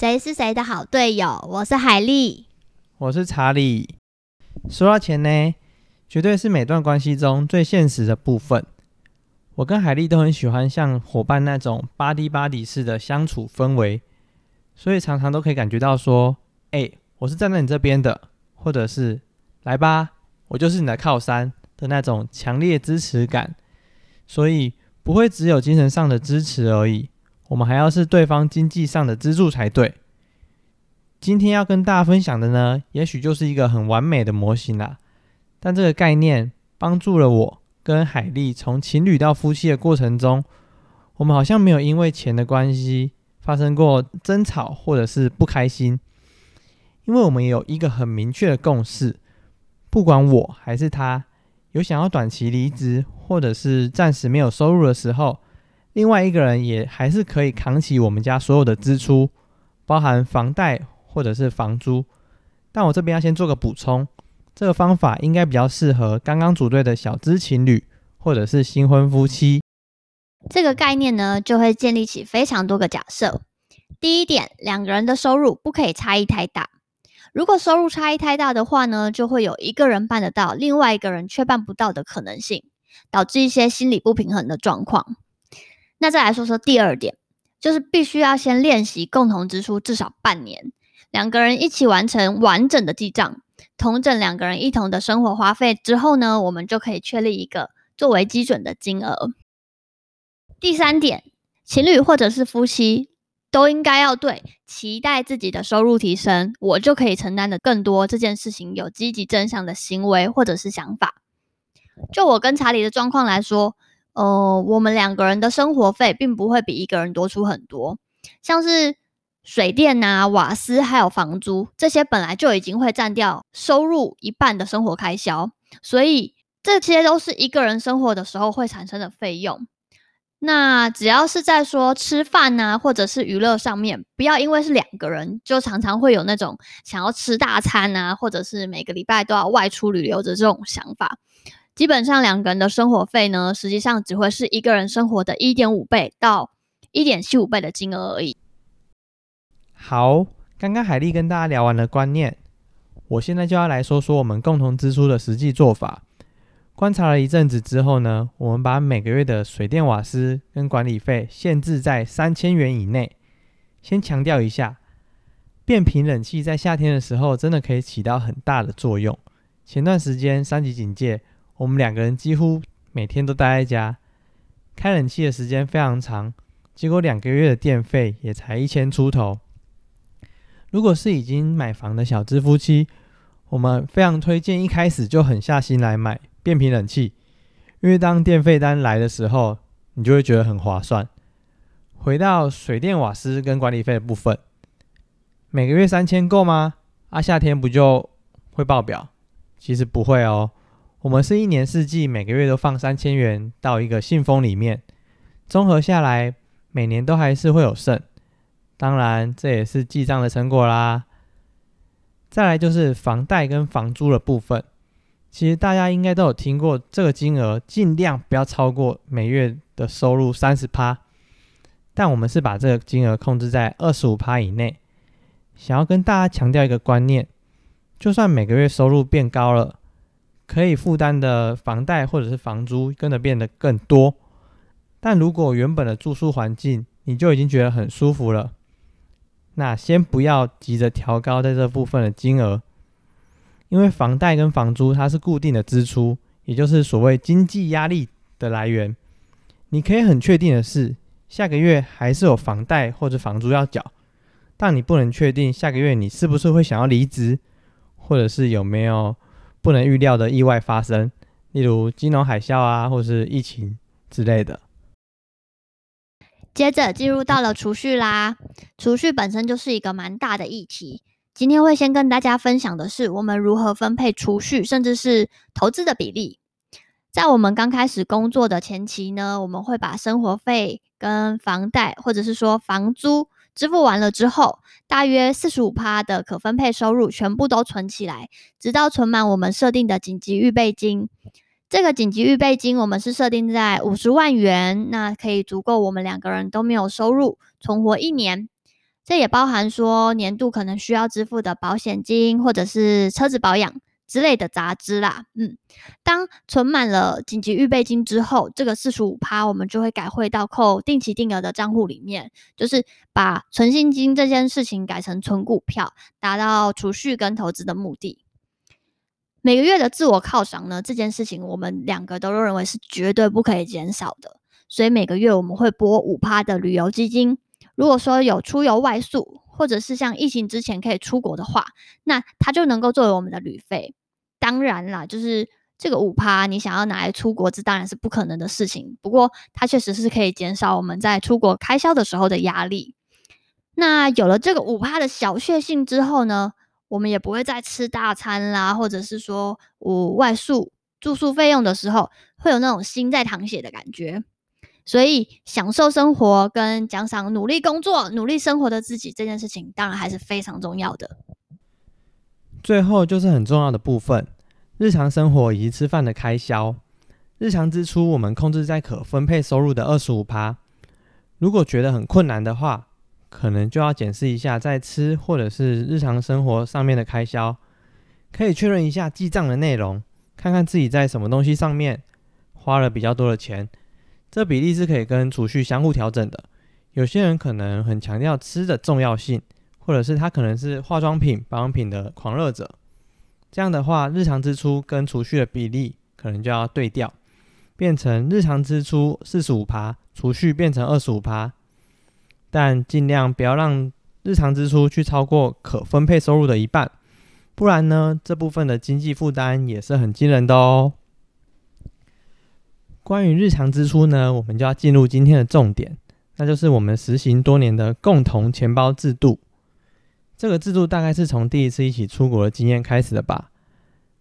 誰是誰的好隊友？我是海莉，我是查理。說到錢呢，絕對是每段關係中最現實的部分。我跟海莉都很喜歡像伙伴那種巴迪巴迪式的相處氛圍，所以常常都可以感覺到說：“哎、欸，我是站在你這邊的，或者是來吧，我就是你的靠山的那種強烈支持感。”所以不會只有精神上的支持而已。我們還要是對方經濟上的支柱才對。今天要跟大家分享的呢，也許就是一個很完美的模型啦。但這個概念幫助了我跟海莉從情侶到夫妻的過程中，我們好像沒有因為錢的關係發生過爭吵或者是不開心，因為我們有一個很明確的共識：不管我還是他，有想要短期離職或者是暫時沒有收入的時候，另外一個人也還是可以扛起我們家所有的支出，包含房貸或者是房租。但我這邊要先做個補充，這個方法應該比較適合剛剛組隊的小資情侶或者是新婚夫妻。這個概念呢，就會建立起非常多個假設。第一點，兩個人的收入不可以差異太大。如果收入差異太大的話呢，就會有一個人辦得到，另外一個人卻辦不到的可能性，導致一些心理不平衡的狀況。那再來說說第二點，就是必須要先練習共同支出至少半年，兩個人一起完成完整的記賬，統整兩個人一同的生活花費之後呢，我們就可以確立一個作為基準的金額。第三點，情侶或者是夫妻都應該要對期待自己的收入提升，我就可以承擔得更多這件事情有積極正向的行為或者是想法。就我跟查理的狀況來說。呃，我們兩個人的生活費並不會比一個人多出很多，像是水電啊、瓦斯還有房租，這些本來就已經會佔掉收入一半的生活開銷，所以這些都是一個人生活的時候會產生的費用。那只要是在說吃飯啊，或者是娛樂上面，不要因為是兩個人，就常常會有那種想要吃大餐啊，或者是每個禮拜都要外出旅遊的這種想法。基本上兩個人的生活費呢，實際上只會是一個人生活的一點五倍到一點七五倍的金額而已。好，剛剛海莉跟大家聊完了觀念，我現在就要來說說我們共同支出的實際做法。觀察了一陣子之後呢，我們把每個月的水電瓦斯跟管理費限制在三千元以內。先強調一下，變頻冷氣在夏天的時候真的可以起到很大的作用。前段時間三級警戒。我們兩個人幾乎每天都待在家，開冷氣的時間非常長，結果兩個月的電費也才一千出頭。如果是已經買房的小資夫妻，我們非常推薦一開始就狠下心來買變頻冷氣，因為當電費單來的時候，你就會覺得很划算。回到水電瓦斯跟管理費的部分，每個月三千夠嗎？啊，夏天不就會爆表？其實不會哦。我們是一年四季每個月都放三千元到一個信封裡面，綜合下來每年都還是會有剩，當然這也是記賬的成果啦。再來就是房貸跟房租的部分，其實大家應該都有聽過，這個金額儘量不要超過每月的收入三十趴，但我們是把這個金額控制在二十五趴以內。想要跟大家強調一個觀念，就算每個月收入變高了，可以負擔的房貸或者是房租跟着變得更多，但如果原本的住宿環境你就已經覺得很舒服了，那先不要急着調高在這部分的金額，因為房貸跟房租它是固定的支出，也就是所謂經濟壓力的來源。你可以很確定的是，下個月還是有房貸或者房租要繳，但你不能確定下個月你是不是會想要離職，或者是有沒有。不能預料的意外發生，例如金融海嘯啊，或是疫情之類的。接着進入到了儲蓄啦，儲蓄本身就是一個蠻大的議題。今天會先跟大家分享的是，我們如何分配儲蓄，甚至是投資的比例。在我們剛開始工作的前期呢，我們會把生活費跟房貸，或者是說房租。支付完了之後，大約四十五趴的可分配收入全部都存起來，直到存滿我們設定的緊急預備金。這個緊急預備金我們是設定在五十萬元，那可以足夠我們兩個人都沒有收入存活一年。這也包含說年度可能需要支付的保險金或者是車子保養。之類的雜支啦，嗯，當存滿了緊急預備金之後，這個四十五趴我們就會改匯到扣定期定額的賬戶裡面，就是把存現金這件事情改成存股票，達到儲蓄跟投資的目的。每個月的自我犒賞呢，這件事情我們兩個都認為是絕對不可以減少的，所以每個月我們會撥五趴的旅遊基金。如果說有出遊外宿，或者是像疫情之前可以出國的話，那它就能夠作為我們的旅費。當然啦，就是這個五趴，你想要拿來出國，這當然是不可能的事情。不過，它確實是可以減少我們在出國開銷的時候的壓力。那有了這個五趴的小確幸之後呢，我們也不會再吃大餐啦，或者是說我外宿住宿費用的時候會有那種心在淌血的感覺。所以，享受生活跟獎賞努力工作、努力生活的自己，這件事情當然還是非常重要的。最後就是很重要的部分。日常生活以及吃飯的開銷，日常支出我們控制在可分配收入的二十五趴。如果覺得很困難的話，可能就要檢視一下在吃或者是日常生活上面的開銷，可以確認一下記賬的內容，看看自己在什麼東西上面花了比較多的錢。這比例是可以跟儲蓄相互調整的。有些人可能很強調吃的重要性，或者是他可能是化妝品、保養品的狂熱者。這樣的話，日常支出跟儲蓄的比例可能就要對調，變成日常支出四十五趴，儲蓄變成二十五趴。但盡量不要讓日常支出去超過可分配收入的一半，不然呢，這部分的經濟負擔也是很驚人的哦。關於日常支出呢，我們就要進入今天的重點，那就是我們實行多年的共同錢包制度。這個制度大概是從第一次一起出國的經驗開始的吧。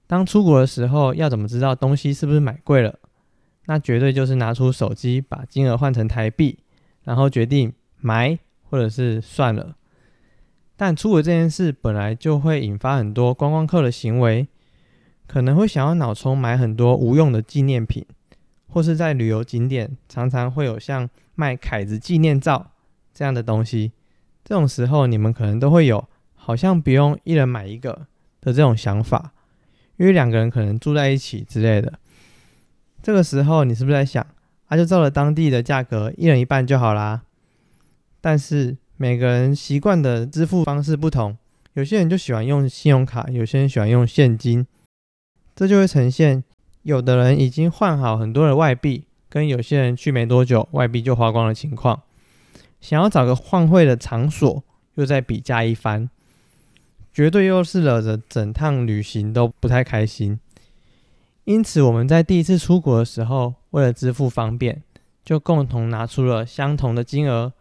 當出國的時候，要怎麼知道東西是不是買貴了？那絕對就是拿出手機，把金額換成台幣，然後決定買或者是算了。但出國這件事本來就會引發很多觀光客的行為，可能會想要腦充買很多無用的紀念品，或是在旅遊景點常常會有像賣凱子紀念照這樣的東西。這種時候，你們可能都會有好像不用一人買一個的這種想法，因為兩個人可能住在一起之類的。這個時候，你是不是在想，啊，就照著當地的價格，一人一半就好啦？但是每個人習慣的支付方式不同，有些人就喜歡用信用卡，有些人喜歡用現金，這就會呈現有的人已經換好很多的外幣，跟有些人去沒多久，外幣就花光的情況。想要找個換匯的場所，又再比價一番，絕對又是惹着整趟旅行都不太開心。因此，我們在第一次出國的時候，為了支付方便，就共同拿出了相同的金額，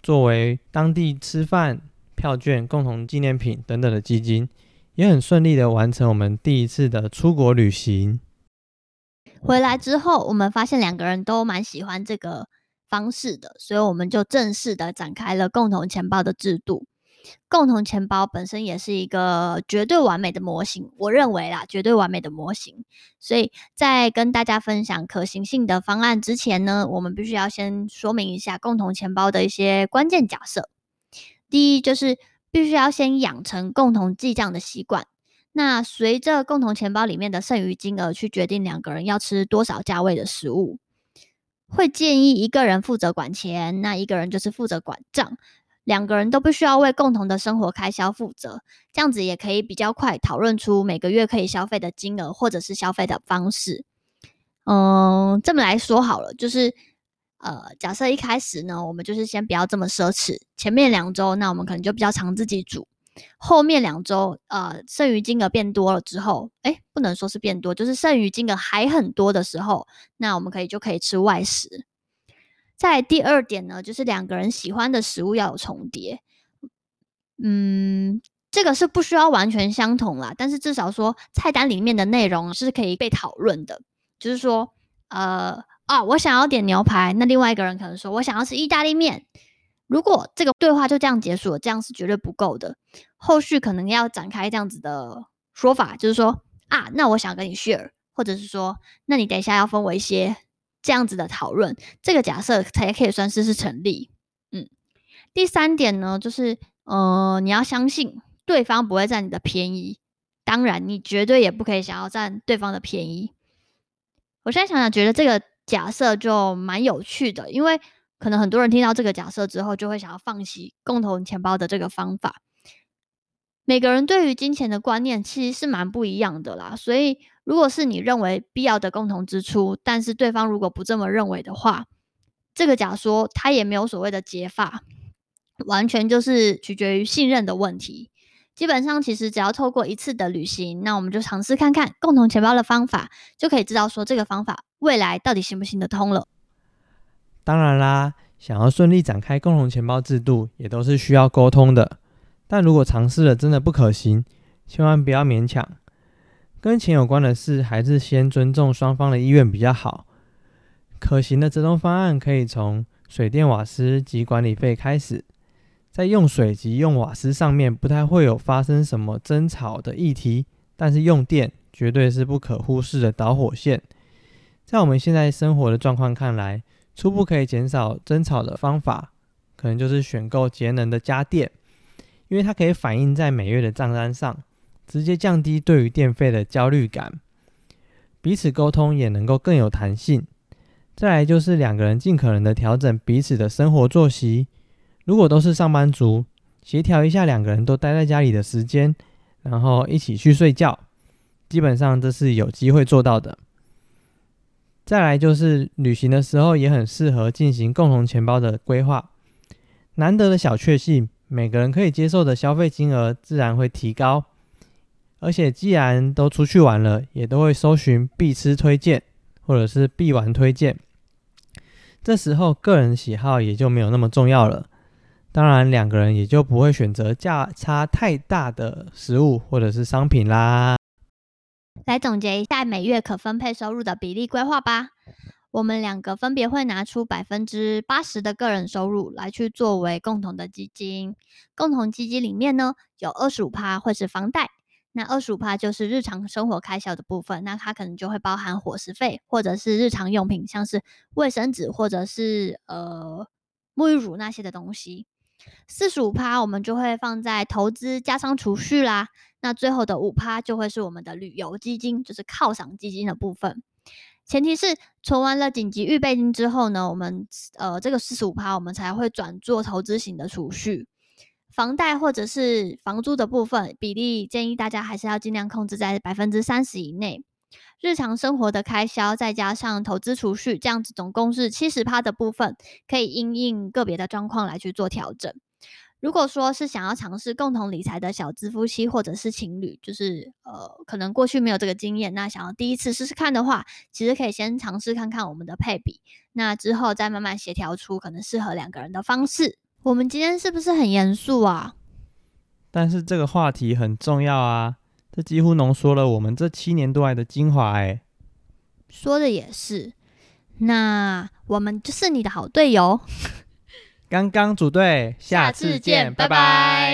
作為當地吃飯、票券、共同紀念品等等的基金，也很順利的完成我們第一次的出國旅行。回來之後，我們發現兩個人都蠻喜歡這個。方式的，所以我們就正式的展開了共同錢包的制度。共同錢包本身也是一個絕對完美的模型，我認為啦，絕對完美的模型。所以在跟大家分享可行性的方案之前呢，我們必須要先說明一下共同錢包的一些關鍵假設。第一，就是必須要先養成共同記賬的習慣。那隨着共同錢包裡面的剩餘金額去決定兩個人要吃多少價位的食物。會建議一個人負責管錢，那一個人就是負責管賬，兩個人都不需要為共同的生活開銷負責，這樣子也可以比較快討論出每個月可以消費的金額或者是消費的方式。嗯，這麼來說好了，就是呃，假設一開始呢，我們就是先不要這麼奢侈，前面兩周，那我們可能就比較常自己煮。後面兩周，呃，剩餘金額變多了之後，誒，不能說是變多，就是剩餘金額還很多的時候，那我們可以就可以吃外食。在第二點呢，就是兩個人喜歡的食物要有重疊，嗯，這個是不需要完全相同啦，但是至少說菜單裡面的內容是可以被討論的，就是說，呃，啊、哦，我想要點牛排，那另外一個人可能說我想要吃意大利麵。如果這個對話就這樣結束了，這樣是絕對不夠的。後續可能要展開這樣子的說法，就是說啊，那我想跟你 share，或者是說，那你等一下要分為一些這樣子的討論，這個假設才可以算是是成立。嗯，第三點呢，就是呃，你要相信對方不會佔你的便宜，當然你絕對也不可以想要佔對方的便宜。我現在想想，覺得這個假設就蠻有趣的，因為。可能很多人聽到這個假設之後，就會想要放棄共同錢包的這個方法。每個人對於金錢的觀念其實是蠻不一樣的啦，所以如果是你認為必要的共同支出，但是對方如果不這麼認為的話，這個假說他也沒有所謂的解法，完全就是取決於信任的問題。基本上，其實只要透過一次的旅行，那我們就嘗試看看共同錢包的方法，就可以知道說這個方法未來到底行不行得通了。當然啦，想要順利展開共同錢包制度，也都是需要溝通的。但如果嘗試了真的不可行，千萬不要勉強。跟錢有關的事，還是先尊重雙方的意願比較好。可行的折中方案可以從水電瓦斯及管理費開始。在用水及用瓦斯上面，不太會有發生什麼爭吵的議題，但是用電絕對是不可忽視的導火線。在我們現在生活的狀況看來，初步可以減少爭吵的方法，可能就是選購節能的家電，因為它可以反映在每月的賬單上，直接降低對於電費的焦慮感。彼此溝通也能夠更有彈性。再來就是兩個人尽可能的調整彼此的生活作息，如果都是上班族，協調一下兩個人都待在家裡的時間，然後一起去睡覺，基本上都是有機會做到的。再來就是旅行的時候，也很適合進行共同錢包的規劃。難得的小確幸，每個人可以接受的消費金額自然會提高。而且既然都出去玩了，也都會搜尋必吃推薦或者是必玩推薦。這時候個人喜好也就沒有那麼重要了。當然兩個人也就不會選擇價差太大的食物或者是商品啦。來總結一下每月可分配收入的比例規劃吧。我們兩個分別會拿出百分之八十的個人收入來去作為共同的基金。共同基金裡面呢有，有二十五趴會是房貸那，那二十五趴就是日常生活開銷的部分。那它可能就會包含伙食費或者是日常用品，像是衛生紙或者是呃沐浴乳那些的東西。四十五趴我們就會放在投資加上儲蓄啦。那最後的五趴就會是我們的旅遊基金，就是犒賞基金的部分。前提是存完了緊急預備金之後呢，我們呃這個四十五趴我們才會轉做投資型的儲蓄。房貸或者是房租的部分比例建議大家還是要盡量控制在百分之三十以內。日常生活的開銷再加上投資儲蓄，這樣子總共是七十趴的部分，可以因應個別的狀況來去做調整。如果說是想要嘗試共同理財的小資夫妻或者是情侶，就是呃，可能過去沒有這個經驗，那想要第一次試試看的話，其實可以先嘗試看看我們的配比，那之後再慢慢協調出可能適合兩個人的方式。我們今天是不是很嚴肅啊？但是這個話題很重要啊，這幾乎濃縮了我們這七年多來的精華哎。欸，說的也是，那我們就是你的好隊友。剛剛組隊，下次見，拜拜。